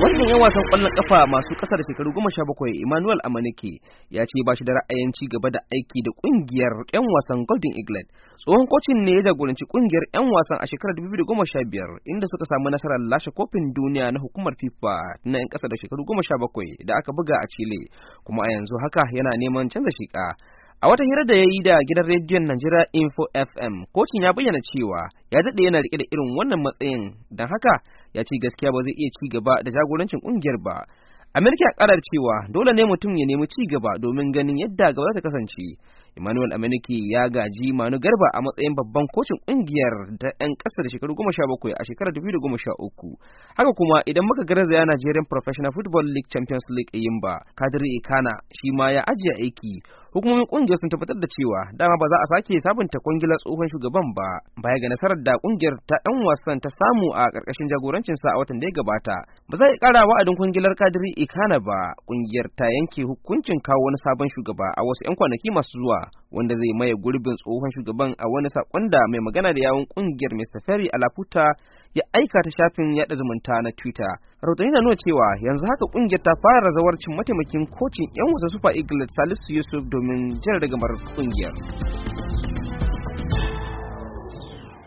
wannan yan wasan kwallon kafa masu kasa da shekaru goma sha bakwai emmanuel amanike ya ce ba shi da ra'ayin ci gaba da aiki da ƙungiyar yan wasan golden England. tsohon kocin ne ya jagoranci kungiyar yan wasan a shekarar biyar, inda suka samu nasarar lashe kofin duniya na hukumar fifa na yan kasa da shekaru goma sha bakwai da aka buga a chile kuma a yanzu haka yana neman canza shika A wata hira da ya yi da gidan rediyon Najeriya Info FM, kocin ya bayyana cewa ya daɗe yana rike da irin wannan matsayin, don haka ya ce gaskiya ba zai iya ci gaba da jagorancin ƙungiyar ba. Amerika ya ƙarar cewa dole ne mutum ya nemi ci gaba domin ganin yadda gaba za ta kasance. Emmanuel Amunike ya gaji Manu Garba a matsayin babban kocin ƙungiyar da 'yan ƙasar shekaru goma sha bakwai a shekarar dubu da goma sha uku. Haka kuma idan muka garzaya Nigerian Professional Football League Champions League Yimba, Kadiri Ikana shi ma ya ajiye aiki hukumomin kungiyar sun tabbatar da cewa dama ba za a sake sabunta kwangilar tsohon shugaban ba baya ga nasarar da kungiyar ta ɗan wasan ta samu a karkashin jagorancin sa a watan da ya gabata ba za a kara wa'adin kungiyar kadiri ikana ba kungiyar ta yanke hukuncin kawo wani sabon shugaba a wasu yan kwanaki masu zuwa wanda zai maye gurbin tsohon shugaban a wani sakon da mai magana da yawun kungiyar Mr. Ferry Alaputa ya aika ta shafin yaɗa zumunta na Twitter. Rautani na nuna cewa yanzu haka ƙungiyar ta fara zawarcin mataimakin kocin 'yan wasa Super Eagles Salisu Yusuf domin jar dagamar ƙungiyar.